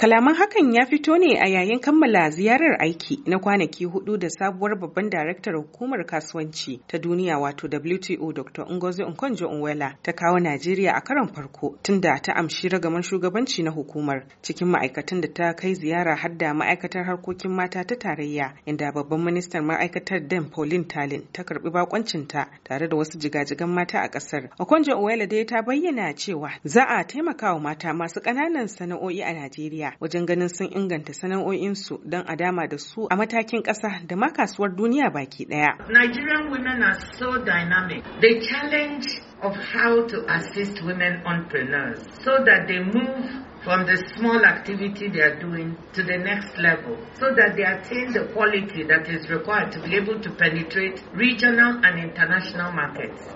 Kalaman hakan ya fito ne a yayin kammala ziyarar aiki na kwanaki hudu da sabuwar babban daraktar hukumar kasuwanci ta duniya wato WTO Dr. Ngozi Nkonjo Nwela ta kawo Najeriya a karon farko tunda ta amshi ragaman shugabanci na hukumar cikin ma'aikatan da ta kai ziyara har da ma'aikatar harkokin mata ta tarayya inda babban ministan ma'aikatar Dan Pauline Talin ta karbi bakoncin ta tare da wasu jigajigan mata a kasar. Okonjo Nwela dai ta bayyana cewa za a taimakawa mata masu ƙananan sana'o'i a Najeriya wajen ganin sun inganta sana'o'insu don a dama da su a matakin ƙasa da ma kasuwar duniya baki ɗaya. Nigerian women are so dynamic. They challenge of how to assist women entrepreneurs so that they move from the small activity they are doing to the next level so that they attain the quality that is required to be able to penetrate regional and international markets.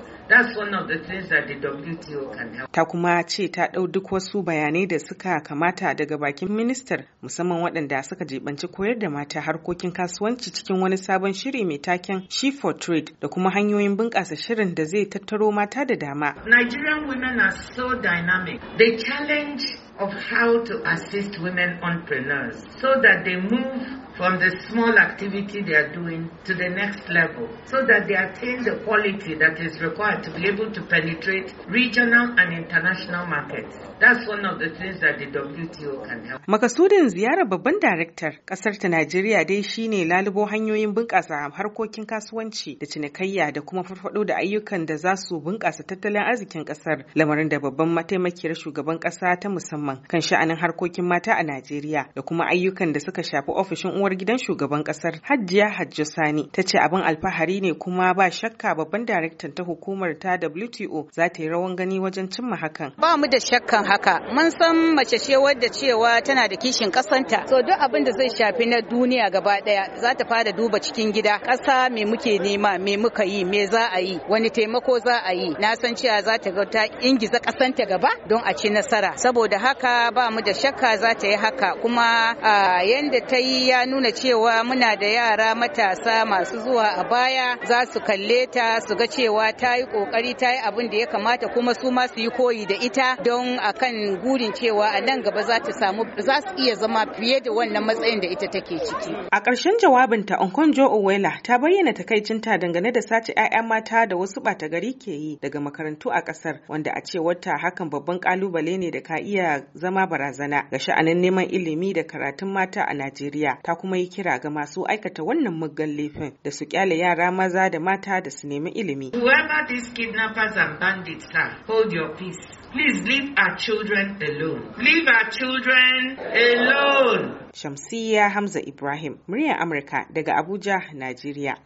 Ta kuma ce ta ɗau duk wasu bayanai da suka kamata daga bakin ministar musamman waɗanda suka jibanci koyar da mata harkokin kasuwanci cikin wani sabon shiri mai taken She for Trade da kuma hanyoyin bunƙasa shirin da zai tattaro mata da dama. Nigerian women are so dynamic. They challenge of how to assist women entrepreneurs so that they move from the small activity they are doing to the next level so that they attain the quality that is required to be able to penetrate regional and international markets. That's one of the things that the WTO can help. Makasudin ziyarar babban daraktar kasar ta Najeriya dai shine lalubo hanyoyin bunƙasa harkokin kasuwanci da cinikayya da kuma farfado da ayyukan da za su bunƙasa tattalin arzikin kasar lamarin da babban mataimakiyar shugaban ƙasa ta musamman kan sha'anin harkokin mata a Najeriya da kuma ayyukan da suka shafi ofishin uwar gidan shugaban kasar Hajiya Hajjo Sani ta ce abin alfahari ne kuma ba shakka babban daraktan ta hukumar ta WTO za ta yi rawan gani wajen cimma hakan. Ba mu da shakkan haka. Mun san mace ce wadda cewa tana da kishin kasanta. So duk abin da zai shafi na duniya gaba daya za ta fara duba cikin gida. Kasa me muke nema, me muka yi, me za a yi, wani taimako za a yi. Na san cewa za ta ga ta ingiza kasanta gaba don a ci nasara. Saboda haka ba mu da shakka za ta yi haka kuma ah, yanda ta yi ya nuna cewa muna da yara matasa masu zuwa a baya za su kalle ta su ga cewa ta yi kokari ta yi abin da ya kamata kuma su ma su yi koyi da ita don akan gurin cewa a nan gaba za samu za su iya zama fiye da wannan matsayin da ita take ciki. A ƙarshen jawabinta Onkonjo Owela ta bayyana takaicin ta dangane da sace 'ya'yan mata da wasu ɓata gari ke yi daga makarantu a ƙasar wanda a cewarta hakan babban ƙalubale ne da ka iya zama barazana ga sha'anin neman ilimi da karatun mata a Najeriya. kuma yi kira ga masu aikata wannan muggan laifin da su kyale yara maza da mata da su nemi ilimi. Whoever these kidnappers and bandits are, hold your peace. Please leave our children alone. Leave our children alone. Shamsiya Hamza Ibrahim, muryar Amurka daga Abuja, Najeriya.